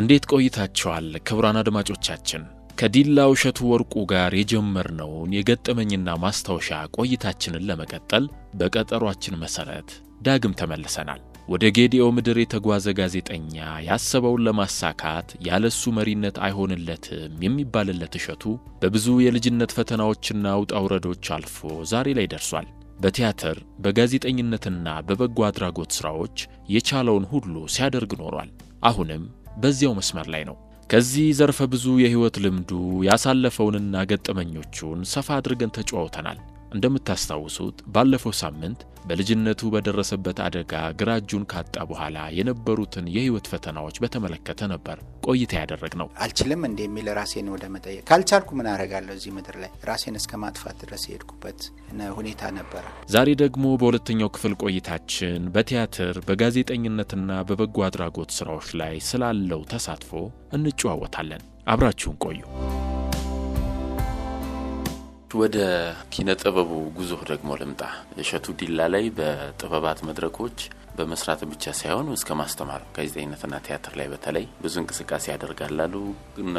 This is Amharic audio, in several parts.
እንዴት ቆይታችኋል? ክቡራን አድማጮቻችን ከዲላ ውሸቱ ወርቁ ጋር የጀመርነውን የገጠመኝና ማስታወሻ ቆይታችንን ለመቀጠል በቀጠሯችን መሠረት ዳግም ተመልሰናል። ወደ ጌዲኦ ምድር የተጓዘ ጋዜጠኛ ያሰበውን ለማሳካት ያለሱ መሪነት አይሆንለትም የሚባልለት እሸቱ በብዙ የልጅነት ፈተናዎችና ውጣ ውረዶች አልፎ ዛሬ ላይ ደርሷል። በቲያትር በጋዜጠኝነትና በበጎ አድራጎት ሥራዎች የቻለውን ሁሉ ሲያደርግ ኖሯል። አሁንም በዚያው መስመር ላይ ነው። ከዚህ ዘርፈ ብዙ የህይወት ልምዱ ያሳለፈውንና ገጠመኞቹን ሰፋ አድርገን ተጨዋውተናል። እንደምታስታውሱት ባለፈው ሳምንት በልጅነቱ በደረሰበት አደጋ ግራ እጁን ካጣ በኋላ የነበሩትን የህይወት ፈተናዎች በተመለከተ ነበር ቆይታ ያደረግ ነው። አልችልም እንደ የሚል ራሴን ወደ መጠየቅ ካልቻልኩ ምን አረጋለሁ እዚህ ምድር ላይ ራሴን እስከ ማጥፋት ድረስ የሄድኩበት ሁኔታ ነበረ። ዛሬ ደግሞ በሁለተኛው ክፍል ቆይታችን በቲያትር በጋዜጠኝነትና በበጎ አድራጎት ስራዎች ላይ ስላለው ተሳትፎ እንጨዋወታለን። አብራችሁን ቆዩ። ወደ ኪነ ጥበቡ ጉዞ ደግሞ ልምጣ። እሸቱ ዲላ ላይ በጥበባት መድረኮች በመስራት ብቻ ሳይሆን እስከ ማስተማር ጋዜጠኝነትና ቲያትር ላይ በተለይ ብዙ እንቅስቃሴ ያደርጋላሉ።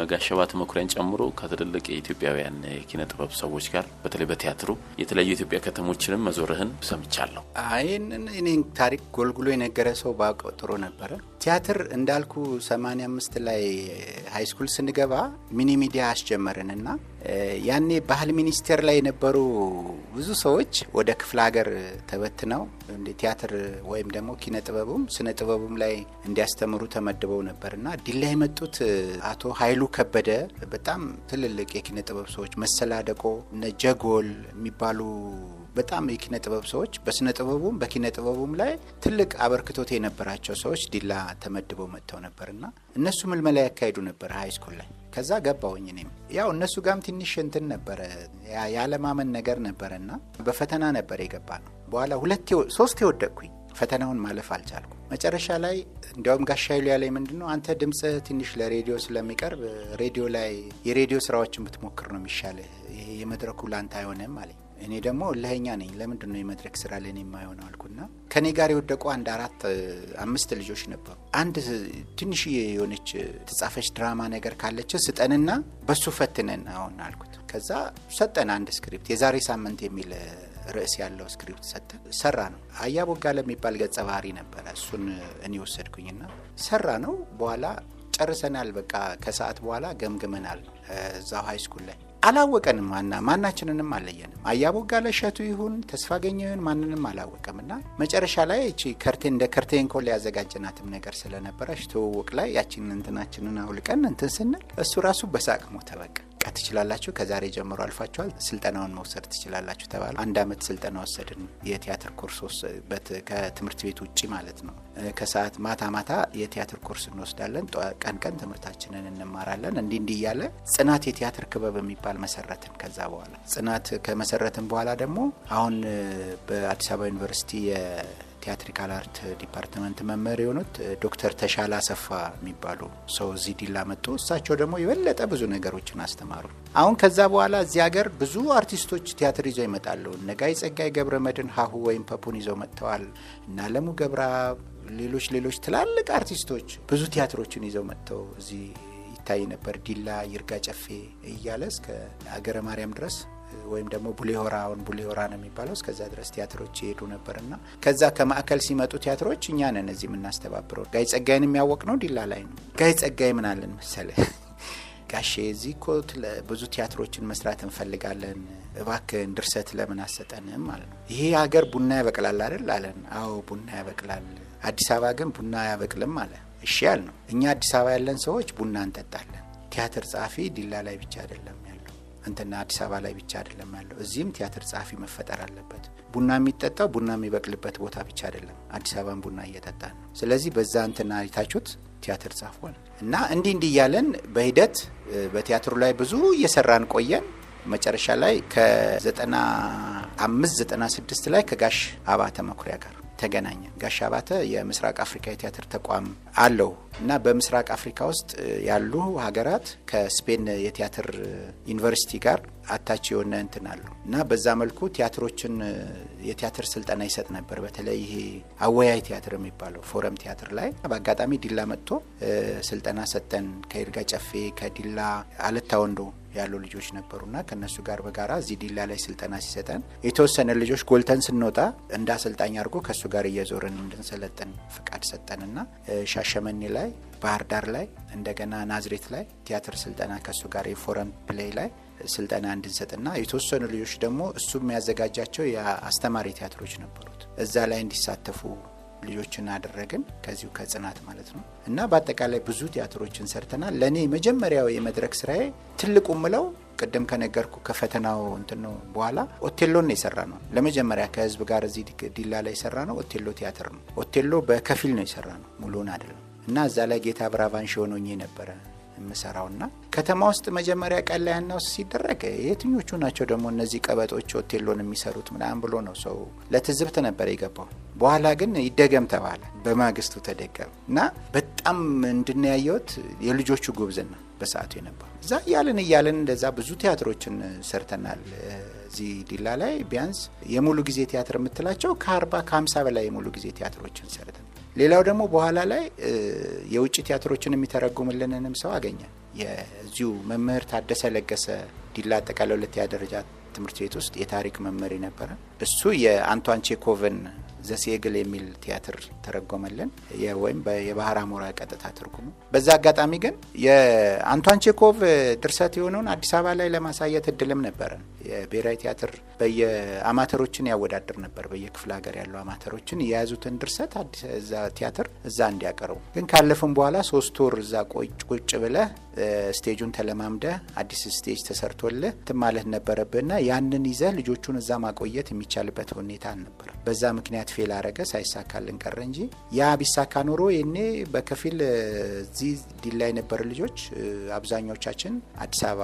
ነጋሸባት መኩሪያን ጨምሮ ከትልልቅ የኢትዮጵያውያን የኪነ ጥበብ ሰዎች ጋር በተለይ በቲያትሩ የተለያዩ የኢትዮጵያ ከተሞችንም መዞርህን ሰምቻለሁ። ይህንን እኔን ታሪክ ጎልጉሎ የነገረ ሰው ባውቅ ጥሩ ነበረ። ቲያትር እንዳልኩ 85 ላይ ሃይስኩል ስንገባ ሚኒ ሚዲያ አስጀመርንና። ያኔ ባህል ሚኒስቴር ላይ የነበሩ ብዙ ሰዎች ወደ ክፍለ ሀገር ተበትነው ቲያትር ወይም ደግሞ ኪነ ጥበቡም ስነ ጥበቡም ላይ እንዲያስተምሩ ተመድበው ነበር እና ዲላ የመጡት አቶ ሀይሉ ከበደ በጣም ትልልቅ የኪነ ጥበብ ሰዎች መሰላደቆ፣ እነ ጀጎል የሚባሉ በጣም የኪነ ጥበብ ሰዎች በስነ ጥበቡም በኪነ ጥበቡም ላይ ትልቅ አበርክቶት የነበራቸው ሰዎች ዲላ ተመድበው መጥተው ነበርና እነሱ ምልመላ ያካሄዱ ነበር ሃይስኩል ላይ። ከዛ ገባውኝ እኔም ያው እነሱ ጋም ትንሽ እንትን ነበረ ያለማመን ነገር ነበረና በፈተና ነበር የገባ ነው። በኋላ ሁለት ሶስት የወደቅኩኝ ፈተናውን ማለፍ አልቻልኩ። መጨረሻ ላይ እንዲያውም ጋሻይሉ ያለኝ ምንድን ነው አንተ ድምፅህ ትንሽ ለሬዲዮ ስለሚቀርብ ሬዲዮ ላይ የሬዲዮ ስራዎችን ብትሞክር ነው የሚሻልህ፣ ይሄ የመድረኩ ላንተ አይሆንም አለኝ። እኔ ደግሞ እልኸኛ ነኝ። ለምንድን ነው የመድረክ ስራ ለእኔ የማይሆነው አልኩና ከእኔ ጋር የወደቁ አንድ አራት አምስት ልጆች ነበሩ። አንድ ትንሽዬ የሆነች የተጻፈች ድራማ ነገር ካለችን ስጠንና በሱ ፈትነን አሁን አልኩት። ከዛ ሰጠን አንድ ስክሪፕት የዛሬ ሳምንት የሚል ርዕስ ያለው ስክሪፕት ሰጠ ሰራ ነው አያ ቦጋ ለሚባል ገጸ ባህሪ ነበረ። እሱን እኔ ወሰድኩኝና ሰራ ነው በኋላ ጨርሰናል። በቃ ከሰዓት በኋላ ገምግመናል እዛው ሀይ ስኩል ላይ አላወቀንም። ማና ማናችንንም አለየንም። አያቦጋ ለሸቱ ይሁን ተስፋ ገኘ ይሁን ማንንም አላወቀም። እና መጨረሻ ላይ እቺ ከርቴን እንደ ከርቴን ኮል ያዘጋጀናትም ነገር ስለነበረች ትውውቅ ላይ ያችን እንትናችንን አውልቀን እንትን ስንል እሱ ራሱ በሳቅ ሞተ በቃ። መብቃት ትችላላችሁ፣ ከዛሬ ጀምሮ አልፋችኋል፣ ስልጠናውን መውሰድ ትችላላችሁ ተባለ። አንድ አመት ስልጠና ወሰድን። የቲያትር ኮርስ ወሰድበት ከትምህርት ቤት ውጭ ማለት ነው። ከሰዓት ማታ ማታ የቲያትር ኮርስ እንወስዳለን፣ ቀን ቀን ትምህርታችንን እንማራለን። እንዲ እንዲህ እያለ ጽናት የቲያትር ክበብ የሚባል መሰረትን። ከዛ በኋላ ጽናት ከመሰረትን በኋላ ደግሞ አሁን በአዲስ አበባ ዩኒቨርሲቲ የሳይኪያትሪካል አርት ዲፓርትመንት መምህር የሆኑት ዶክተር ተሻለ አሰፋ የሚባሉ ሰው እዚህ ዲላ መጡ። እሳቸው ደግሞ የበለጠ ብዙ ነገሮችን አስተማሩ። አሁን ከዛ በኋላ እዚህ ሀገር ብዙ አርቲስቶች ቲያትር ይዘው ይመጣሉ። ነጋይ ጸጋይ ገብረ መድን ሀሁ ወይም ፐፑን ይዘው መጥተዋል እና ለሙ ገብረአብ፣ ሌሎች ሌሎች ትላልቅ አርቲስቶች ብዙ ቲያትሮችን ይዘው መጥተው እዚህ ይታይ ነበር። ዲላ ይርጋ ጨፌ እያለ እስከ ሀገረ ማርያም ድረስ ወይም ደግሞ ቡሌሆራ አሁን ቡሌሆራ ነው የሚባለው እስከዛ ድረስ ቲያትሮች ይሄዱ ነበር ና ከዛ ከማዕከል ሲመጡ ቲያትሮች እኛ ነን እዚህ የምናስተባብረው። ጋይ ጸጋይን የሚያወቅ ነው ዲላ ላይ ነው። ጋይ ጸጋይ ምን አለን መሰለ ጋሼ እዚህ እኮ ብዙ ቲያትሮችን መስራት እንፈልጋለን፣ እባክን ድርሰት ለምን አሰጠንም ማለት ነው። ይሄ ሀገር ቡና ያበቅላል አይደል አለን። አዎ ቡና ያበቅላል፣ አዲስ አበባ ግን ቡና ያበቅልም አለ። እሺ ያል ነው። እኛ አዲስ አበባ ያለን ሰዎች ቡና እንጠጣለን። ቲያትር ጸሐፊ ዲላ ላይ ብቻ አይደለም እንትና አዲስ አበባ ላይ ብቻ አይደለም ያለው። እዚህም ቲያትር ጸሐፊ መፈጠር አለበት። ቡና የሚጠጣው ቡና የሚበቅልበት ቦታ ብቻ አይደለም፣ አዲስ አበባን ቡና እየጠጣ ነው። ስለዚህ በዛ እንትና አይታችሁት ቲያትር ጻፏል እና እንዲህ እንዲህ እያለን በሂደት በቲያትሩ ላይ ብዙ እየሰራን ቆየን። መጨረሻ ላይ ከ አምስት ላይ ከጋሽ አባተ መኩሪያ ጋር ተገናኘን። ጋሽ አባተ የምስራቅ አፍሪካ የቲያትር ተቋም አለው እና በምስራቅ አፍሪካ ውስጥ ያሉ ሀገራት ከስፔን የቲያትር ዩኒቨርሲቲ ጋር አታች የሆነ እንትን አሉ እና በዛ መልኩ ቲያትሮችን የቲያትር ስልጠና ይሰጥ ነበር። በተለይ ይሄ አወያይ ቲያትር የሚባለው ፎረም ቲያትር ላይ በአጋጣሚ ዲላ መጥቶ ስልጠና ሰጠን። ከይርጋ ጨፌ፣ ከዲላ አለታ ወንዶ ያሉ ልጆች ነበሩና ከነሱ ጋር በጋራ እዚህ ዲላ ላይ ስልጠና ሲሰጠን የተወሰነ ልጆች ጎልተን ስንወጣ እንደ አሰልጣኝ አድርጎ ከእሱ ጋር እየዞርን እንድንሰለጥን ፍቃድ ሰጠንና ሻሸመኔ ላይ ባህር ዳር ላይ እንደገና ናዝሬት ላይ ቲያትር ስልጠና ከእሱ ጋር የፎረም ፕሌይ ላይ ስልጠና እንድንሰጥና የተወሰኑ ልጆች ደግሞ እሱ የሚያዘጋጃቸው የአስተማሪ ቲያትሮች ነበሩት እዛ ላይ እንዲሳተፉ ልጆችን አደረግን ከዚሁ ከጽናት ማለት ነው እና በአጠቃላይ ብዙ ቲያትሮችን ሰርተናል። ለእኔ መጀመሪያው የመድረክ ስራዬ ትልቁ ምለው ቅድም ከነገርኩ ከፈተናው እንትን ነው በኋላ ኦቴሎን የሰራ ነው። ለመጀመሪያ ከህዝብ ጋር እዚህ ዲላ ላይ የሰራ ነው ኦቴሎ ቲያትር ነው። ኦቴሎ በከፊል ነው የሰራ ነው፣ ሙሉን አይደለም። እና እዛ ላይ ጌታ ብራቫንሽ ሆኖኝ ነበረ ና ከተማ ውስጥ መጀመሪያ ቀን ላይ ያናውስ ሲደረግ የትኞቹ ናቸው ደግሞ እነዚህ ቀበጦች ሆቴሎን የሚሰሩት ምናም ብሎ ነው ሰው ለትዝብት ነበር የገባው። በኋላ ግን ይደገም ተባለ። በማግስቱ ተደገም እና በጣም እንድናያየውት የልጆቹ ጉብዝና በሰዓቱ የነበሩ እዛ እያልን እያልን እንደዛ ብዙ ቲያትሮችን ሰርተናል። እዚህ ዲላ ላይ ቢያንስ የሙሉ ጊዜ ቲያትር የምትላቸው ከአርባ ከሀምሳ በላይ የሙሉ ጊዜ ቲያትሮችን ሰርተናል። ሌላው ደግሞ በኋላ ላይ የውጭ ቲያትሮችን የሚተረጉምልንንም ሰው አገኘን። የዚሁ መምህር ታደሰ ለገሰ ዲላ አጠቃላይ ሁለተኛ ደረጃ ትምህርት ቤት ውስጥ የታሪክ መምህር ነበረ። እሱ የአንቷን ቼኮቭን ዘሴግል የሚል ቲያትር ተረጎመልን፣ ወይም የባህር አሞራ ቀጥታ ትርጉሙ። በዛ አጋጣሚ ግን የአንቷን ቼኮቭ ድርሰት የሆነውን አዲስ አበባ ላይ ለማሳየት እድልም ነበረን። የብሔራዊ ቲያትር በየአማተሮችን ያወዳድር ነበር። በየክፍለ ሀገር ያሉ አማተሮችን የያዙትን ድርሰት እዛ ቲያትር እዛ እንዲያቀርቡ ግን ካለፍም በኋላ ሶስት ወር እዛ ቁጭ ብለህ ስቴጁን ተለማምደ አዲስ ስቴጅ ተሰርቶልህ እንትን ማለት ነበረብህና ያንን ይዘህ ልጆቹን እዛ ማቆየት የሚቻልበት ሁኔታ አልነበረ። በዛ ምክንያት ፌል አረገ፣ ሳይሳካልን ቀረ እንጂ ያ ቢሳካ ኖሮ የኔ በከፊል እዚህ ዲላ ነበር ልጆች አብዛኞቻችን አዲስ አበባ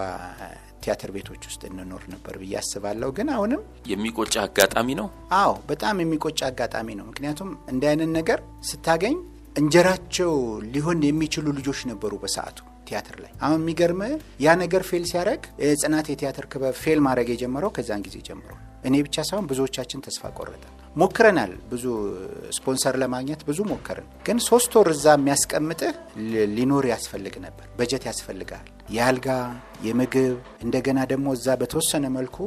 ቲያትር ቤቶች ውስጥ እንኖር ነበር ብዬ አስባለሁ። ግን አሁንም የሚቆጭ አጋጣሚ ነው። አዎ በጣም የሚቆጭ አጋጣሚ ነው። ምክንያቱም እንዲህ አይነት ነገር ስታገኝ እንጀራቸው ሊሆን የሚችሉ ልጆች ነበሩ በሰዓቱ ቲያትር ላይ አሁን የሚገርም ያ ነገር ፌል ሲያደረግ ጽናት የቲያትር ክበብ ፌል ማድረግ የጀመረው ከዛን ጊዜ ጀምሮ እኔ ብቻ ሳይሆን ብዙዎቻችን ተስፋ ቆረጠ። ሞክረናል። ብዙ ስፖንሰር ለማግኘት ብዙ ሞከርን። ግን ሶስት ወር እዛ የሚያስቀምጥህ ሊኖር ያስፈልግ ነበር። በጀት ያስፈልጋል። የአልጋ የምግብ እንደገና ደግሞ እዛ በተወሰነ መልኩ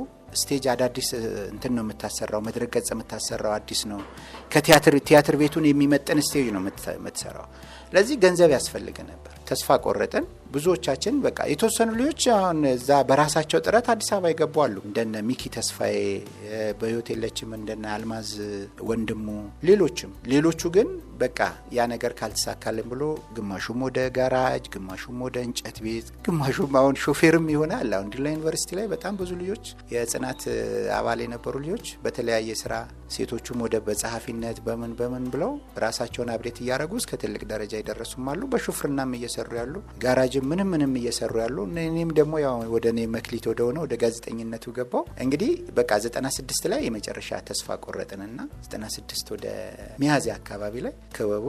ስቴጅ አዳዲስ እንትን ነው የምታሰራው፣ መድረክ ገጽ የምታሰራው አዲስ ነው። ከቲያትር ቲያትር ቤቱን የሚመጥን ስቴጅ ነው የምትሰራው። ለዚህ ገንዘብ ያስፈልግ ነበር። ተስፋ ቆረጥን። ብዙዎቻችን በቃ የተወሰኑ ልጆች አሁን እዛ በራሳቸው ጥረት አዲስ አበባ ይገቡ አሉ። እንደነ ሚኪ ተስፋዬ በህይወት የለችም፣ እንደነ አልማዝ ወንድሙ፣ ሌሎችም ሌሎቹ ግን በቃ ያ ነገር ካልተሳካልን ብሎ ግማሹም ወደ ጋራጅ፣ ግማሹም ወደ እንጨት ቤት፣ ግማሹም አሁን ሾፌርም ይሆናል። አሁን ዲላ ዩኒቨርሲቲ ላይ በጣም ብዙ ልጆች የጽናት አባል የነበሩ ልጆች በተለያየ ስራ ሴቶቹም ወደ በጸሐፊነት በምን በምን ብለው ራሳቸውን አብዴት እያደረጉ እስከ ትልቅ ደረጃ የደረሱም አሉ። በሹፍርናም እየሰ እየሰሩ ያሉ ጋራጅም ምንም ምንም እየሰሩ ያሉ እኔም ደግሞ ወደ እኔ መክሊት ወደ ሆነ ወደ ጋዜጠኝነቱ ገባው። እንግዲህ በቃ 96 ላይ የመጨረሻ ተስፋ ቆረጥንና 96 ወደ ሚያዚ አካባቢ ላይ ክበቡ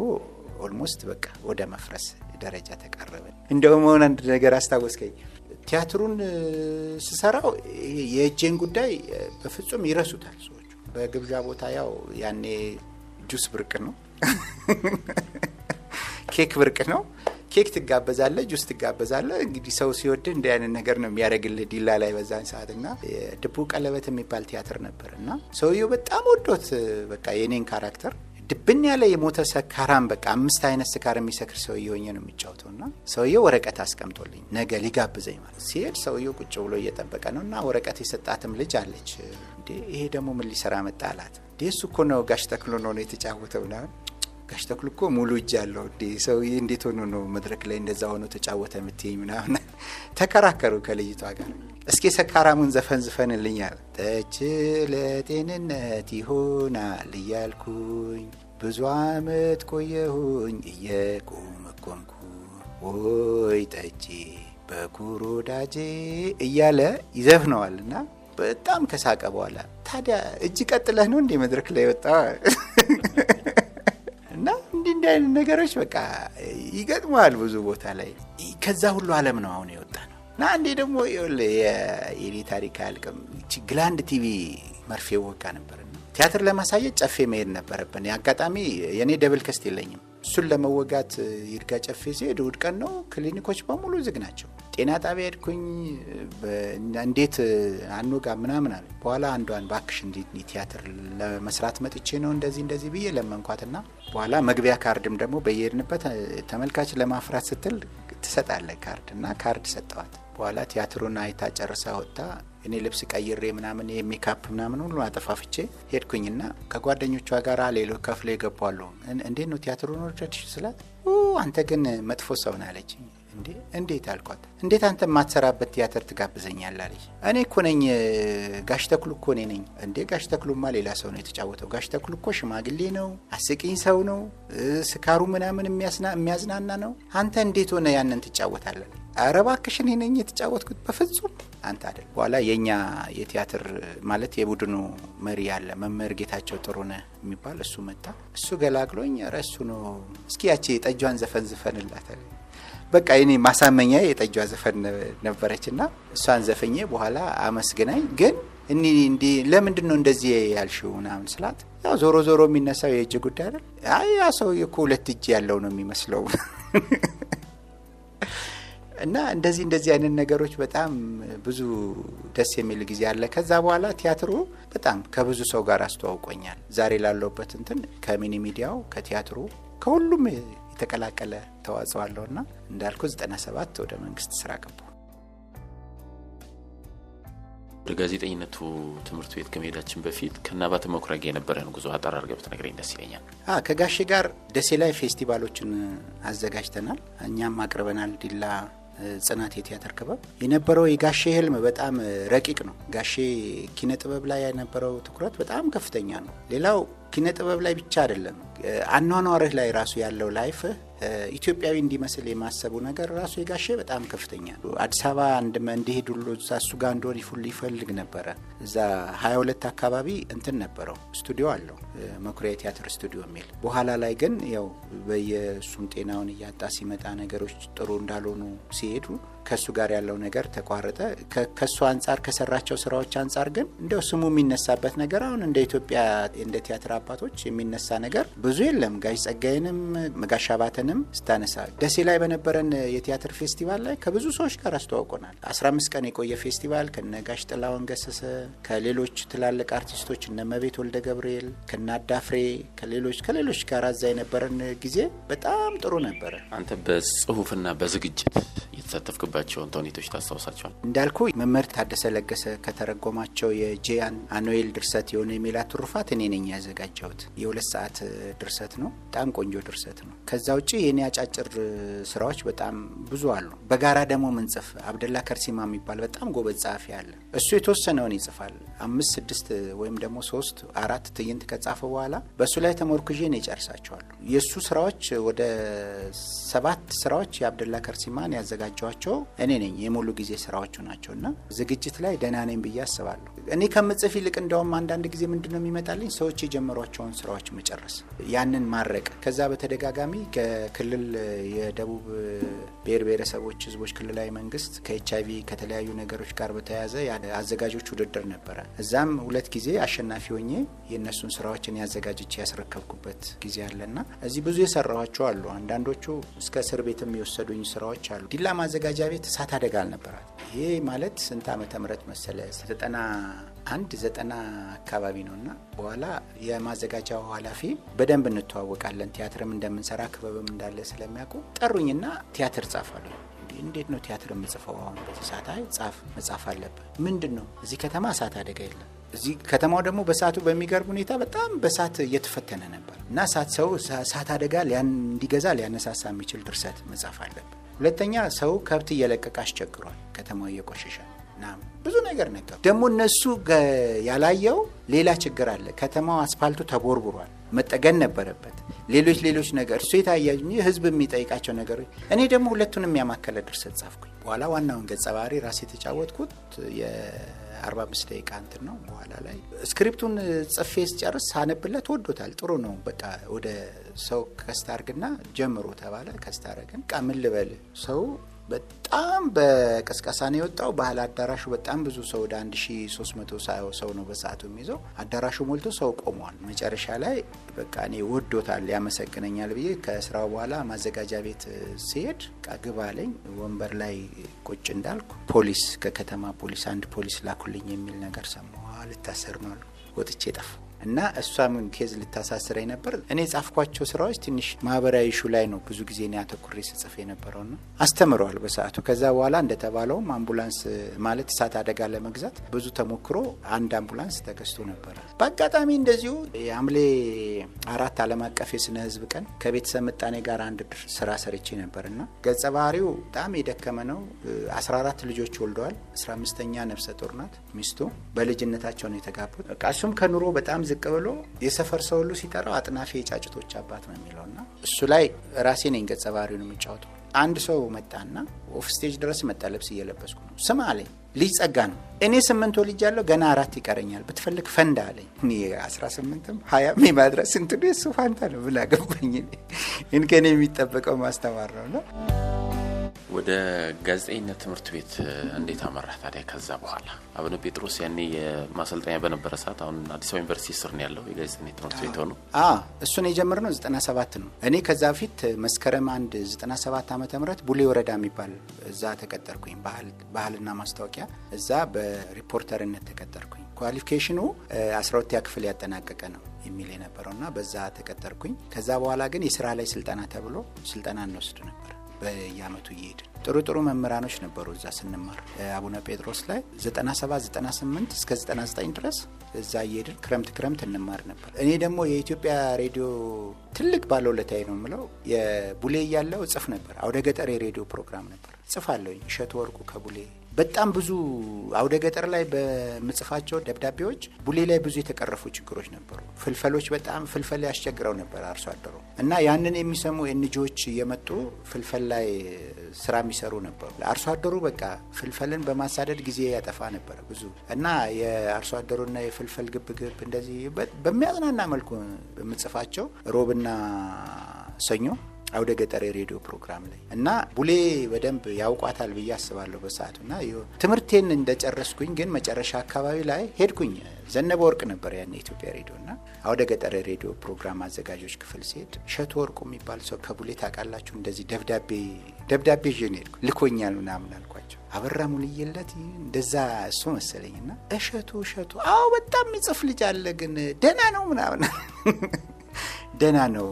ኦልሞስት በቃ ወደ መፍረስ ደረጃ ተቃረብን። እንደውም ሆነ አንድ ነገር አስታወስከኝ። ቲያትሩን ስሰራው የእጄን ጉዳይ በፍጹም ይረሱታል ሰዎቹ። በግብዣ ቦታ ያው ያኔ ጁስ ብርቅ ነው፣ ኬክ ብርቅ ነው። ኬክ ትጋበዛለ ጁስ ትጋበዛለ እንግዲህ ሰው ሲወድህ እንደ አይነት ነገር ነው የሚያደረግል ዲላ ላይ በዛን ሰዓት ና ድቡ ቀለበት የሚባል ቲያትር ነበር እና ሰውየው በጣም ወዶት በቃ የኔን ካራክተር ድብን ያለ የሞተ ሰካራም በቃ አምስት አይነት ስካር የሚሰክር ሰውየ ሆኜ ነው የሚጫወተው እና ሰውየው ወረቀት አስቀምጦልኝ ነገ ሊጋብዘኝ ማለት ሲሄድ ሰውየው ቁጭ ብሎ እየጠበቀ ነው እና ወረቀት የሰጣትም ልጅ አለች። እንዴ ይሄ ደግሞ ምን ሊሰራ መጣ አላት። እንዴ እሱ እኮ ነው ጋሽ ተክሎ ነው የተጫወተው ና ጋሽ ተክሉ እኮ ሙሉ እጅ ያለው እ ሰው እንዴት ሆኖ ነው መድረክ ላይ እንደዛ ሆኖ ተጫወተ የምትይኝ ምናምን ተከራከሩ ከልጅቷ ጋር እስኪ ሰካራሙን ዘፈን ዝፈንልኛል ጠጅ ለጤንነት ይሆናል እያልኩኝ ብዙ አመት ቆየሁኝ እየቆመቆምኩ ወይ ጠጄ በኩሮ ዳጄ እያለ ይዘፍነዋል እና በጣም ከሳቀ በኋላ ታዲያ እጅ ቀጥለህ ነው እንዴ መድረክ ላይ ወጣ እንዲህ አይነት ነገሮች በቃ ይገጥመዋል ብዙ ቦታ ላይ። ከዛ ሁሉ ዓለም ነው አሁን የወጣ ነው እና አንዴ ደግሞ የኔ ታሪክ አያልቅም። ግላንድ ቲቪ መርፌ ወጋ ነበርና ቲያትር ለማሳየት ጨፌ መሄድ ነበረብን። አጋጣሚ የእኔ ደብል ከስት የለኝም እሱን ለመወጋት ይርጋ ጨፌ ሲሄድ እሑድ ቀን ነው። ክሊኒኮች በሙሉ ዝግ ናቸው። ጤና ጣቢያ ሄድኩኝ። እንዴት አንወጋ ምናምን አለ። በኋላ አንዷን እባክሽ እንዲ ቲያትር ለመስራት መጥቼ ነው እንደዚህ እንደዚህ ብዬ ለመንኳትና በኋላ መግቢያ ካርድም ደግሞ በየሄድንበት ተመልካች ለማፍራት ስትል ትሰጣለ ካርድ እና ካርድ ሰጠዋት። በኋላ ቲያትሩን አይታ ጨርሳ ወጥታ እኔ ልብስ ቀይሬ ምናምን ሜካፕ ምናምን ሁሉ አጠፋፍቼ ሄድኩኝና ከጓደኞቿ ጋር ሌሎች ከፍለ ይገባሉ። እንዴት ነው ቲያትሩን ወደድሽ ስላት አንተ ግን መጥፎ ሰውን አለች። እንዴ እንዴት አልኳት። እንዴት አንተ የማትሰራበት ቲያትር ትጋብዘኛል አለች። እኔ እኮ ነኝ ጋሽ ተክሉ እኮ እኔ ነኝ። እንዴ ጋሽ ተክሉማ ሌላ ሰው ነው የተጫወተው። ጋሽ ተክሉ እኮ ሽማግሌ ነው፣ አስቂኝ ሰው ነው፣ ስካሩ ምናምን የሚያዝናና ነው። አንተ እንዴት ሆነ ያንን ትጫወታለን? ኧረ እባክሽን እኔ ነኝ የተጫወትኩት፣ በፍጹም አንተ አይደል። በኋላ የእኛ የቲያትር ማለት የቡድኑ መሪ ያለ መምህር ጌታቸው ጥሩነህ የሚባል እሱ መጣ። እሱ ገላግሎኝ፣ ኧረ እሱ ነው። እስኪ ያቺ የጠጇን ዘፈን ዝፈንላት በቃ እኔ ማሳመኛ የጠጇ ዘፈን ነበረች ና እሷን ዘፈኜ በኋላ አመስግናኝ ግን እኔ እንዲ ለምንድን ነው እንደዚህ ያልሽው ምናምን ስላት፣ ያው ዞሮ ዞሮ የሚነሳው የእጅ ጉዳይ አይደል? ያ ሰው ሁለት እጅ ያለው ነው የሚመስለው እና እንደዚህ እንደዚህ አይነት ነገሮች በጣም ብዙ ደስ የሚል ጊዜ አለ። ከዛ በኋላ ቲያትሩ በጣም ከብዙ ሰው ጋር አስተዋውቆኛል። ዛሬ ላለውበት እንትን ከሚኒ ሚዲያው ከቲያትሩ ከሁሉም የተቀላቀለ ተዋጽኦ አለውና እንዳልኩ 97 ወደ መንግስት ስራ ገቡ። ወደ ጋዜጠኝነቱ ትምህርት ቤት ከመሄዳችን በፊት ከነአባተ መኩሪያ ጋር የነበረን ጉዞ አጠር አድርገህ ብትነግረኝ ደስ ይለኛል። ከጋሼ ጋር ደሴ ላይ ፌስቲቫሎችን አዘጋጅተናል፣ እኛም አቅርበናል። ዲላ ጽናት የቲያትር ክበብ የነበረው የጋሼ ህልም በጣም ረቂቅ ነው። ጋሼ ኪነ ጥበብ ላይ የነበረው ትኩረት በጣም ከፍተኛ ነው። ሌላው ኪነ ጥበብ ላይ ብቻ አይደለም፣ አኗኗርህ ላይ ራሱ ያለው ላይፍህ ኢትዮጵያዊ እንዲመስል የማሰቡ ነገር ራሱ የጋሼ በጣም ከፍተኛ ነው። አዲስ አበባ እንዲሄዱ እዛ እሱ ጋር እንደሆን ይፉል ይፈልግ ነበረ። እዛ 22 አካባቢ እንትን ነበረው ስቱዲዮ አለው መኩሪያ የቲያትር ስቱዲዮ የሚል በኋላ ላይ ግን ያው በየእሱም ጤናውን እያጣ ሲመጣ ነገሮች ጥሩ እንዳልሆኑ ሲሄዱ ከእሱ ጋር ያለው ነገር ተቋረጠ። ከእሱ አንጻር ከሰራቸው ስራዎች አንጻር ግን እንደው ስሙ የሚነሳበት ነገር አሁን እንደ ኢትዮጵያ እንደ ቲያትር አባቶች የሚነሳ ነገር ብዙ የለም። ጋሽ ጸጋይንም መጋሻ አባተንም ስታነሳ ደሴ ላይ በነበረን የቲያትር ፌስቲቫል ላይ ከብዙ ሰዎች ጋር አስተዋውቆናል። 15 ቀን የቆየ ፌስቲቫል ከነ ጋሽ ጥላሁን ገሰሰ ከሌሎች ትላልቅ አርቲስቶች እነ መቤት ወልደ ገብርኤል ከነ አዳፍሬ ከሌሎች ከሌሎች ጋር አዛ የነበረን ጊዜ በጣም ጥሩ ነበረ። አንተ በጽሁፍና በዝግጅት የተሳተፍክበት ያደረጋቸውን ተውኔቶች ታስታውሳቸዋል? እንዳልኩ መምህር ታደሰ ለገሰ ከተረጎማቸው የጄያን አኖኤል ድርሰት የሆነ የሜላ ትሩፋት እኔ ነኝ ያዘጋጀሁት። የሁለት ሰዓት ድርሰት ነው። በጣም ቆንጆ ድርሰት ነው። ከዛ ውጭ የእኔ አጫጭር ስራዎች በጣም ብዙ አሉ። በጋራ ደግሞ ምንጽፍ አብደላ ከርሲማ የሚባል በጣም ጎበዝ ጸሐፊ አለ። እሱ የተወሰነውን ይጽፋል። አምስት ስድስት ወይም ደግሞ ሶስት አራት ትዕይንት ከጻፈ በኋላ በእሱ ላይ ተሞርኩዤ እኔ ጨርሳቸዋለሁ። የእሱ ስራዎች ወደ ሰባት ስራዎች የአብደላ ከርሲማን ያዘጋጀዋቸው እኔ ነኝ የሙሉ ጊዜ ስራዎቹ ናቸው እና ዝግጅት ላይ ደህና ነኝ ብዬ አስባለሁ። እኔ ከምጽፍ ይልቅ እንደውም አንዳንድ ጊዜ ምንድ ነው የሚመጣልኝ ሰዎች የጀመሯቸውን ስራዎች መጨረስ፣ ያንን ማድረቅ። ከዛ በተደጋጋሚ ከክልል የደቡብ ብሔር ብሔረሰቦች ህዝቦች ክልላዊ መንግስት ከኤች ከተለያዩ ነገሮች ጋር በተያያዘ አዘጋጆች ውድድር ነበረ። እዛም ሁለት ጊዜ አሸናፊ ሆኜ የእነሱን ስራዎችን ያዘጋጅቼ ያስረከብኩበት ጊዜ አለና እዚህ ብዙ የሰራኋቸው አሉ። አንዳንዶቹ እስከ እስር ቤት የሚወሰዱኝ ስራዎች አሉ። ዲላ ማዘጋጃ ቤት እሳት አደጋ አልነበራት። ይሄ ማለት ስንት ዓመተ ምህረት መሰለ? ዘጠና አንድ ዘጠና አካባቢ ነው እና በኋላ የማዘጋጃው ኃላፊ በደንብ እንተዋወቃለን፣ ቲያትርም እንደምንሰራ ክበብም እንዳለ ስለሚያውቁ ጠሩኝና ቲያትር ጻፋሉ። እንዴት ነው ቲያትር የምጽፈው? አሁን በዚህ አይ ጻፍ መጻፍ አለብህ። ምንድን ነው እዚህ ከተማ እሳት አደጋ የለም። እዚህ ከተማው ደግሞ በሰዓቱ በሚገርም ሁኔታ በጣም በሳት እየተፈተነ ነበር እና ሳት ሰው ሳት አደጋ እንዲገዛ ሊያነሳሳ የሚችል ድርሰት መጻፍ አለብህ ሁለተኛ ሰው ከብት እየለቀቀ አስቸግሯል። ከተማው እየቆሸሸ ና ብዙ ነገር ነገር ደግሞ እነሱ ያላየው ሌላ ችግር አለ። ከተማው አስፋልቱ ተቦርቡሯል፣ መጠገን ነበረበት። ሌሎች ሌሎች ነገር እሱ የታያ ህዝብ የሚጠይቃቸው ነገሮች። እኔ ደግሞ ሁለቱንም ያማከለ ድርሰት ጻፍኩኝ። በኋላ ዋናውን ገጸ ባህሪ ራሴ የተጫወትኩት 45 ደቂቃ እንትን ነው። በኋላ ላይ ስክሪፕቱን ጽፌ ስጨርስ ሳነብለት ወዶታል። ጥሩ ነው በቃ ወደ ሰው ከስታርግና ጀምሮ ተባለ። ከስታረግን ቃ ልበል ሰው በጣም በቀስቀሳ ነው የወጣው። ባህል አዳራሹ በጣም ብዙ ሰው ወደ 1300 ሰው ነው በሰዓቱ የሚይዘው። አዳራሹ ሞልቶ ሰው ቆመዋል። መጨረሻ ላይ በቃ እኔ ወዶታል ያመሰግነኛል ብዬ ከስራው በኋላ ማዘጋጃ ቤት ሲሄድ ግባ አለኝ። ወንበር ላይ ቁጭ እንዳልኩ ፖሊስ ከከተማ ፖሊስ አንድ ፖሊስ ላኩልኝ የሚል ነገር ሰማ። ልታሰር ነው አሉ። ወጥቼ ጠፋሁ። እና እሷም ኬዝ ልታሳስረኝ ነበር። እኔ የጻፍኳቸው ስራዎች ትንሽ ማህበራዊ ሹ ላይ ነው ብዙ ጊዜ እኔ አተኩሬ ስጽፍ የነበረው ነው። አስተምረዋል በሰዓቱ። ከዛ በኋላ እንደተባለውም አምቡላንስ ማለት እሳት አደጋ ለመግዛት ብዙ ተሞክሮ አንድ አምቡላንስ ተገዝቶ ነበረ። በአጋጣሚ እንደዚሁ የሐምሌ አራት ዓለም አቀፍ የስነ ህዝብ ቀን ከቤተሰብ ምጣኔ ጋር አንድ ስራ ሰርቼ ነበር እና ገጸ ባህሪው በጣም የደከመ ነው። 14 ልጆች ወልደዋል። 15ኛ ነፍሰ ጡር ናት ሚስቱ። በልጅነታቸው ነው የተጋቡት። እሱም ከኑሮ በጣም ዝቅ ብሎ የሰፈር ሰው ሁሉ ሲጠራው አጥናፊ የጫጭቶች አባት ነው የሚለው ና እሱ ላይ ራሴ ነኝ ገጸ ነው የሚጫወተው። አንድ ሰው መጣና ኦፍ ስቴጅ ድረስ መጣ። ልብስ እየለበስኩ ነው። ስም አለኝ። ልጅ ጸጋ ነው። እኔ ስምንት ወልጅ ያለው ገና አራት ይቀረኛል፣ ብትፈልግ ፈንዳ አለኝ። እኔ አስራ ስምንትም ሀያ ሜ ማድረስ እንትዱ የሱ ፋንታ ነው ብላ ገባኝ። ይህን ከኔ የሚጠበቀው ማስተማር ነው ነው ወደ ጋዜጠኝነት ትምህርት ቤት እንዴት አመራህ ታዲያ? ከዛ በኋላ አቡነ ጴጥሮስ ያኔ የማሰልጠኛ በነበረ ሰዓት አሁን አዲስ አበባ ዩኒቨርሲቲ ስር ነው ያለው የጋዜጠኝነት ትምህርት ቤት ሆኖ እሱን የጀመርነው 97 ነው። እኔ ከዛ በፊት መስከረም አንድ 97 ዓ ም ቡሌ ወረዳ የሚባል እዛ ተቀጠርኩኝ፣ ባህልና ማስታወቂያ እዛ በሪፖርተርነት ተቀጠርኩኝ። ኳሊፊኬሽኑ 12ኛ ክፍል ያጠናቀቀ ነው የሚል የነበረውና በዛ ተቀጠርኩኝ። ከዛ በኋላ ግን የስራ ላይ ስልጠና ተብሎ ስልጠና እንወስድ ነበር በየአመቱ እየሄድን ጥሩ ጥሩ መምህራኖች ነበሩ። እዛ ስንማር አቡነ ጴጥሮስ ላይ 97 98 እስከ 99 ድረስ እዛ እየሄድን ክረምት ክረምት እንማር ነበር። እኔ ደግሞ የኢትዮጵያ ሬዲዮ ትልቅ ባለውለታዬ ነው የምለው የቡሌ ያለው ጽፍ ነበር። አውደ ገጠር የሬዲዮ ፕሮግራም ነበር እጽፋለሁኝ። እሸቱ ወርቁ ከቡሌ በጣም ብዙ አውደ ገጠር ላይ በምጽፋቸው ደብዳቤዎች ቡሌ ላይ ብዙ የተቀረፉ ችግሮች ነበሩ። ፍልፈሎች በጣም ፍልፈል ያስቸግረው ነበር አርሶ አደሩ እና ያንን የሚሰሙ ኤንጂዎች እየመጡ ፍልፈል ላይ ስራ የሚሰሩ ነበሩ። አርሶ አደሩ በቃ ፍልፈልን በማሳደድ ጊዜ ያጠፋ ነበር ብዙ እና የአርሶ አደሩና የፍልፈል ግብግብ እንደዚህ በሚያዝናና መልኩ በምጽፋቸው ሮብና ሰኞ አውደ ገጠር የሬዲዮ ፕሮግራም ላይ እና ቡሌ በደንብ ያውቋታል ብዬ አስባለሁ በሰዓቱ እና ትምህርቴን እንደጨረስኩኝ ግን መጨረሻ አካባቢ ላይ ሄድኩኝ። ዘነበ ወርቅ ነበር ያን የኢትዮጵያ ሬዲዮ እና አውደ ገጠር ሬዲዮ ፕሮግራም አዘጋጆች ክፍል ሲሄድ ሸቶ ወርቁ የሚባል ሰው ከቡሌ ታውቃላችሁ፣ እንደዚህ ደብዳቤ ደብዳቤ ዥን ሄድኩ ልኮኛል ምናምን አልኳቸው። አበራ ሙልየለት እንደዛ እሱ መሰለኝ እና እሸቱ እሸቱ፣ አዎ በጣም የሚጽፍ ልጅ አለ ግን ደና ነው ምናምን ደና ነው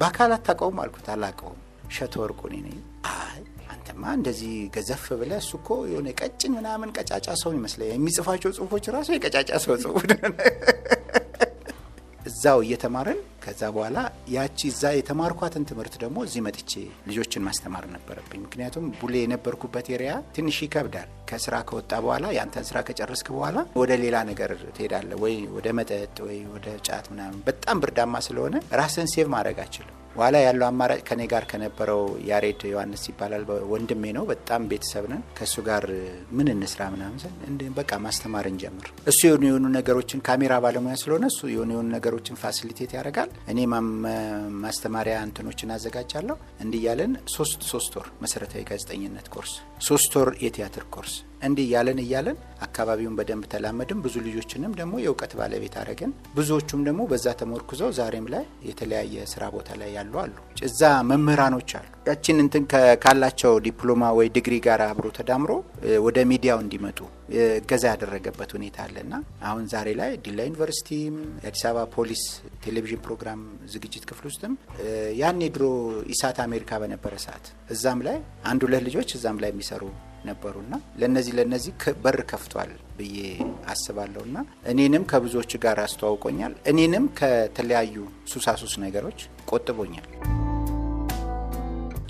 በአካል አታውቀውም አልኩት። አላውቀውም ሸቶ ወርቁ እኔ ነኝ። አይ አንተማ እንደዚህ ገዘፍ ብለህ እሱ እኮ የሆነ ቀጭን ምናምን ቀጫጫ ሰው ይመስለ የሚጽፋቸው ጽሁፎች ራሱ የቀጫጫ ሰው ጽሁፍ እዛው እየተማርን ከዛ በኋላ ያቺ እዛ የተማርኳትን ትምህርት ደግሞ እዚህ መጥቼ ልጆችን ማስተማር ነበረብኝ። ምክንያቱም ቡሌ የነበርኩበት ኤሪያ ትንሽ ይከብዳል። ከስራ ከወጣ በኋላ የአንተን ስራ ከጨረስክ በኋላ ወደ ሌላ ነገር ትሄዳለህ፣ ወይ ወደ መጠጥ ወይ ወደ ጫት ምናምን። በጣም ብርዳማ ስለሆነ ራስን ሴቭ ማድረግ አችልም። በኋላ ያለው አማራጭ ከኔ ጋር ከነበረው ያሬድ ዮሐንስ ይባላል ወንድሜ ነው። በጣም ቤተሰብ ነን። ከእሱ ጋር ምን እንስራ ምናምን እንደ በቃ ማስተማር እንጀምር። እሱ የሆኑ የሆኑ ነገሮችን ካሜራ ባለሙያ ስለሆነ እሱ የሆኑ የሆኑ ነገሮችን ፋሲሊቴት ያደርጋል። እኔ ማስተማሪያ እንትኖችን አዘጋጃለሁ። እንዲህ እያለን ሶስት ሶስት ወር መሰረታዊ ጋዜጠኝነት ኮርስ፣ ሶስት ወር የቲያትር ኮርስ እንዲህ እያለን እያለን አካባቢውን በደንብ ተላመድን። ብዙ ልጆችንም ደግሞ የእውቀት ባለቤት አረግን። ብዙዎቹም ደግሞ በዛ ተሞርኩዘው ዛሬም ላይ የተለያየ ስራ ቦታ ላይ ያሉ አሉ። እዛ መምህራኖች አሉ። ያችን እንትን ካላቸው ዲፕሎማ ወይ ዲግሪ ጋር አብሮ ተዳምሮ ወደ ሚዲያው እንዲመጡ እገዛ ያደረገበት ሁኔታ አለና አሁን ዛሬ ላይ ዲላ ዩኒቨርሲቲም የአዲስ አበባ ፖሊስ ቴሌቪዥን ፕሮግራም ዝግጅት ክፍል ውስጥም ያኔ ድሮ ኢሳት አሜሪካ በነበረ ሰዓት እዛም ላይ አንድ ሁለት ልጆች እዛም ላይ የሚሰሩ ነበሩና ለነዚህ ለነዚህ በር ከፍቷል ብዬ አስባለሁ ና እኔንም ከብዙዎች ጋር አስተዋውቆኛል። እኔንም ከተለያዩ ሱሳሱስ ነገሮች ቆጥቦኛል።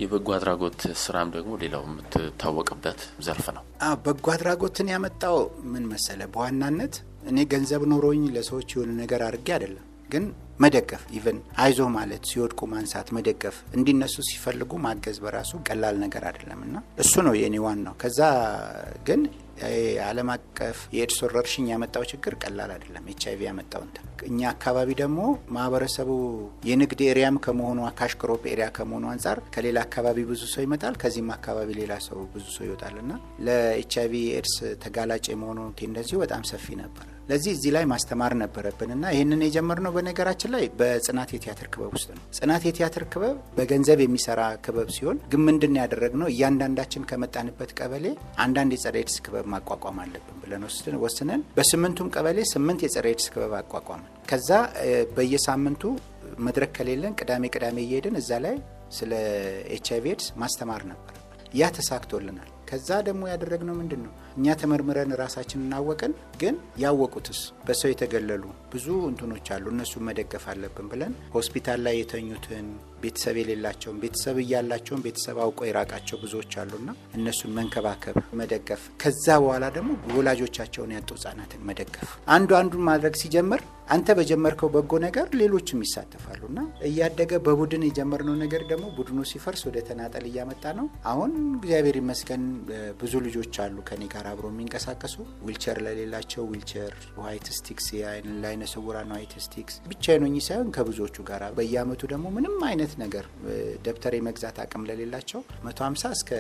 የበጎ አድራጎት ስራም ደግሞ ሌላው የምትታወቅበት ዘርፍ ነው። በጎ አድራጎትን ያመጣው ምን መሰለ፣ በዋናነት እኔ ገንዘብ ኖሮኝ ለሰዎች የሆነ ነገር አድርጌ አይደለም ግን መደገፍ ኢቨን አይዞ ማለት ሲወድቁ ማንሳት መደገፍ፣ እንዲነሱ ሲፈልጉ ማገዝ በራሱ ቀላል ነገር አይደለም እና እሱ ነው የኔ ዋናው። ከዛ ግን ዓለም አቀፍ የኤድስ ወረርሽኝ ያመጣው ችግር ቀላል አይደለም። ኤች አይቪ ያመጣው እንትን እኛ አካባቢ ደግሞ ማህበረሰቡ የንግድ ኤሪያም ከመሆኑ ካሽክሮፕ ኤሪያ ከመሆኑ አንጻር ከሌላ አካባቢ ብዙ ሰው ይመጣል፣ ከዚህም አካባቢ ሌላ ሰው ብዙ ሰው ይወጣል እና ለኤች አይቪ ኤድስ ተጋላጭ የመሆኑ ቴንደንሲው በጣም ሰፊ ነበር። ለዚህ እዚህ ላይ ማስተማር ነበረብን እና ይህንን የጀመርነው በነገራችን ላይ በጽናት የቲያትር ክበብ ውስጥ ነው። ጽናት የቲያትር ክበብ በገንዘብ የሚሰራ ክበብ ሲሆን ግን ምንድን ያደረግነው እያንዳንዳችን ከመጣንበት ቀበሌ አንዳንድ የጸረ ኤድስ ክበብ ማቋቋም አለብን ብለን ወስነን በስምንቱም ቀበሌ ስምንት የጸረ ኤድስ ክበብ አቋቋምን። ከዛ በየሳምንቱ መድረክ ከሌለን ቅዳሜ ቅዳሜ እየሄድን እዛ ላይ ስለ ኤች አይቪ ኤድስ ማስተማር ነበር። ያ ተሳክቶልናል። ከዛ ደግሞ ያደረግነው ምንድን ነው እኛ ተመርምረን ራሳችን እናወቅን፣ ግን ያወቁትስ በሰው የተገለሉ ብዙ እንትኖች አሉ፣ እነሱን መደገፍ አለብን ብለን ሆስፒታል ላይ የተኙትን ቤተሰብ የሌላቸውን ቤተሰብ እያላቸውን ቤተሰብ አውቀው የራቃቸው ብዙዎች አሉና እነሱን መንከባከብ፣ መደገፍ ከዛ በኋላ ደግሞ ወላጆቻቸውን ያጡ ህጻናትን መደገፍ አንዱ አንዱን ማድረግ ሲጀምር አንተ በጀመርከው በጎ ነገር ሌሎችም ይሳተፋሉና እያደገ በቡድን የጀመርነው ነገር ደግሞ ቡድኑ ሲፈርስ ወደ ተናጠል እያመጣ ነው። አሁን እግዚአብሔር ይመስገን ብዙ ልጆች አሉ ከኔ ጋር ጋር አብሮ የሚንቀሳቀሱ ዊልቸር ለሌላቸው ዊልቸር፣ ዋይት ስቲክስ ለአይነ ስውራን ዋይት ስቲክስ ብቻ ነኝ ሳይሆን ከብዙዎቹ ጋር በየአመቱ ደግሞ ምንም አይነት ነገር ደብተር የመግዛት አቅም ለሌላቸው 150 እስከ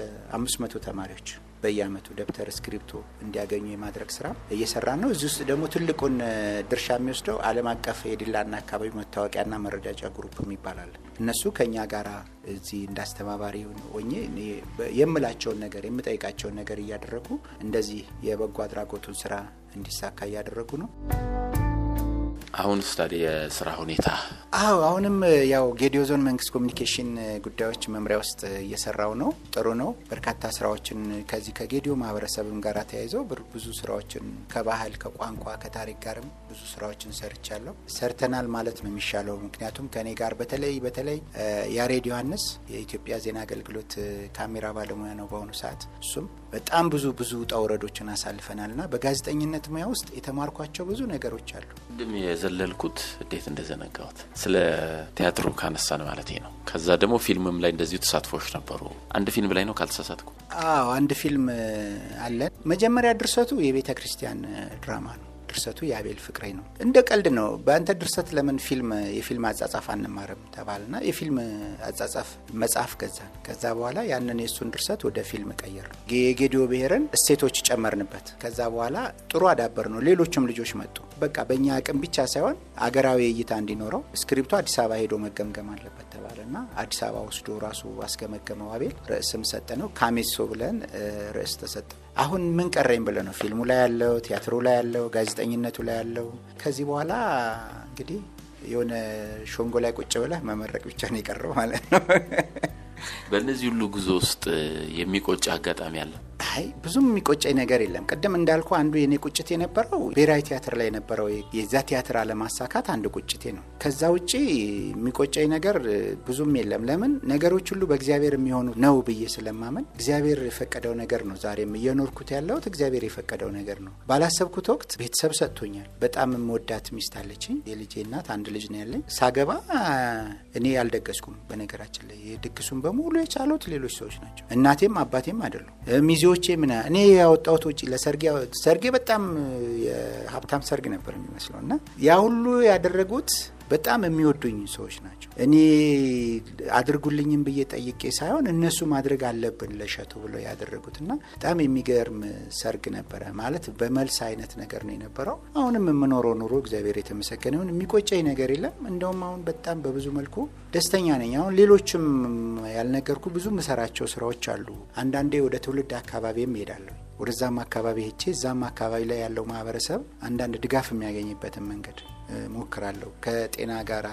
500 ተማሪዎች በየአመቱ ደብተር እስክሪፕቶ እንዲያገኙ የማድረግ ስራ እየሰራን ነው። እዚህ ውስጥ ደግሞ ትልቁን ድርሻ የሚወስደው ዓለም አቀፍ የዲላና አካባቢ መታወቂያና መረጃጃ ግሩፕ ይባላል። እነሱ ከኛ ጋር እዚህ እንዳስተባባሪ ሆኜ የምላቸውን ነገር የምጠይቃቸውን ነገር እያደረጉ እንደዚህ የበጎ አድራጎቱን ስራ እንዲሳካ እያደረጉ ነው። አሁን ስታዲ የስራ ሁኔታ? አዎ አሁንም ያው ጌዲዮ ዞን መንግስት ኮሚኒኬሽን ጉዳዮች መምሪያ ውስጥ እየሰራው ነው። ጥሩ ነው። በርካታ ስራዎችን ከዚህ ከጌዲዮ ማህበረሰብም ጋር ተያይዘው ብዙ ስራዎችን ከባህል ከቋንቋ ከታሪክ ጋርም ብዙ ስራዎችን ሰርቻለሁ ሰርተናል ማለት ነው የሚሻለው። ምክንያቱም ከእኔ ጋር በተለይ በተለይ ያሬድ ዮሐንስ የኢትዮጵያ ዜና አገልግሎት ካሜራ ባለሙያ ነው በአሁኑ ሰዓት እሱም በጣም ብዙ ብዙ ጣውረዶችን አሳልፈናል ና በጋዜጠኝነት ሙያ ውስጥ የተማርኳቸው ብዙ ነገሮች አሉ። ድም የዘለልኩት እንዴት እንደዘነጋሁት ስለ ቲያትሩ ካነሳን ማለት ነው። ከዛ ደግሞ ፊልምም ላይ እንደዚሁ ተሳትፎች ነበሩ። አንድ ፊልም ላይ ነው ካልተሳሳትኩ? አዎ አንድ ፊልም አለን። መጀመሪያ ድርሰቱ የቤተ ክርስቲያን ድራማ ነው። ድርሰቱ የአቤል ፍቅሬ ነው። እንደ ቀልድ ነው በአንተ ድርሰት ለምን ፊልም የፊልም አጻጻፍ አንማርም ተባልና የፊልም አጻጻፍ መጽሐፍ ገዛን። ከዛ በኋላ ያንን የእሱን ድርሰት ወደ ፊልም ቀየር ነው የጌዲዮ ብሔርን እሴቶች ጨመርንበት። ከዛ በኋላ ጥሩ አዳበር ነው። ሌሎችም ልጆች መጡ። በቃ በእኛ አቅም ብቻ ሳይሆን አገራዊ እይታ እንዲኖረው ስክሪፕቱ አዲስ አበባ ሄዶ መገምገም አለበት ተባለና አዲስ አበባ ወስዶ ራሱ አስገመገመው አቤል። ርዕስም ሰጠ ነው ካሜሶ ብለን ርዕስ ተሰጠ። አሁን ምን ቀረኝ ብለ ነው ፊልሙ ላይ ያለው፣ ቲያትሩ ላይ ያለው፣ ጋዜጠኝነቱ ላይ ያለው። ከዚህ በኋላ እንግዲህ የሆነ ሾንጎ ላይ ቁጭ ብለ መመረቅ ብቻ ነው የቀረው ማለት ነው። በእነዚህ ሁሉ ጉዞ ውስጥ የሚቆጭ አጋጣሚ አለ? አይ ብዙም የሚቆጨኝ ነገር የለም። ቅድም እንዳልኩ አንዱ የኔ ቁጭት የነበረው ብሔራዊ ቲያትር ላይ የነበረው የዛ ቲያትር አለማሳካት አንዱ ቁጭቴ ነው። ከዛ ውጭ የሚቆጨኝ ነገር ብዙም የለም። ለምን ነገሮች ሁሉ በእግዚአብሔር የሚሆኑ ነው ብዬ ስለማመን እግዚአብሔር የፈቀደው ነገር ነው። ዛሬም እየኖርኩት ያለሁት እግዚአብሔር የፈቀደው ነገር ነው። ባላሰብኩት ወቅት ቤተሰብ ሰጥቶኛል። በጣም የምወዳት ሚስት አለችኝ። የልጄ እናት አንድ ልጅ ነው ያለኝ። ሳገባ እኔ ያልደገስኩም በነገራችን ላይ ድግሱን በሙሉ የቻሉት ሌሎች ሰዎች ናቸው። እናቴም አባቴም አደሉ ሚዜዎቼ ምና እኔ ያወጣሁት ውጭ ለሰርጌ በጣም የሀብታም ሰርግ ነበር የሚመስለው እና ያ ሁሉ ያደረጉት በጣም የሚወዱኝ ሰዎች ናቸው። እኔ አድርጉልኝም ብዬ ጠይቄ ሳይሆን እነሱ ማድረግ አለብን ለሸቱ ብለው ያደረጉት በጣም የሚገርም ሰርግ ነበረ። ማለት በመልስ አይነት ነገር ነው የነበረው። አሁንም የምኖረው ኑሮ እግዚአብሔር የተመሰገነ ይሁን፣ የሚቆጨኝ ነገር የለም። እንደውም አሁን በጣም በብዙ መልኩ ደስተኛ ነኝ። አሁን ሌሎችም ያልነገርኩ ብዙ ምሰራቸው ስራዎች አሉ። አንዳንዴ ወደ ትውልድ አካባቢም ሄዳለሁ ወደዛም አካባቢ ሄቼ እዛም አካባቢ ላይ ያለው ማህበረሰብ አንዳንድ ድጋፍ የሚያገኝበትን መንገድ ሞክራለሁ። ከጤና ጋር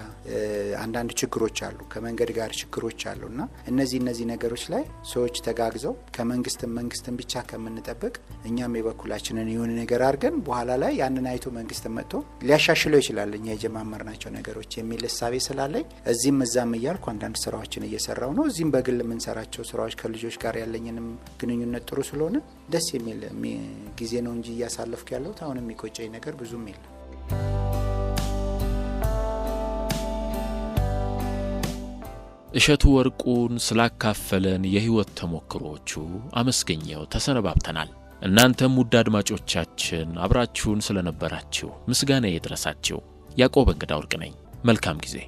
አንዳንድ ችግሮች አሉ፣ ከመንገድ ጋር ችግሮች አሉ እና እነዚህ እነዚህ ነገሮች ላይ ሰዎች ተጋግዘው ከመንግስትም መንግስትን ብቻ ከምንጠብቅ እኛም የበኩላችንን የሆነ ነገር አድርገን በኋላ ላይ ያንን አይቶ መንግስት መጥቶ ሊያሻሽለው ይችላል እኛ የጀማመርናቸው ነገሮች የሚል እሳቤ ስላለኝ እዚህም እዛም እያልኩ አንዳንድ ስራዎችን እየሰራው ነው። እዚህም በግል የምንሰራቸው ስራዎች ከልጆች ጋር ያለኝንም ግንኙነት ጥሩ ስለሆነ ደስ የሚል ጊዜ ነው እንጂ እያሳለፍኩ ያለሁት አሁን የሚቆጨኝ ነገር ብዙም የለም። እሸቱ ወርቁን ስላካፈለን የሕይወት ተሞክሮዎቹ አመስገኘው ተሰነባብተናል። እናንተም ውድ አድማጮቻችን አብራችሁን ስለነበራችሁ ምስጋና ይድረሳችሁ። ያዕቆብ እንግዳ ወርቅ ነኝ። መልካም ጊዜ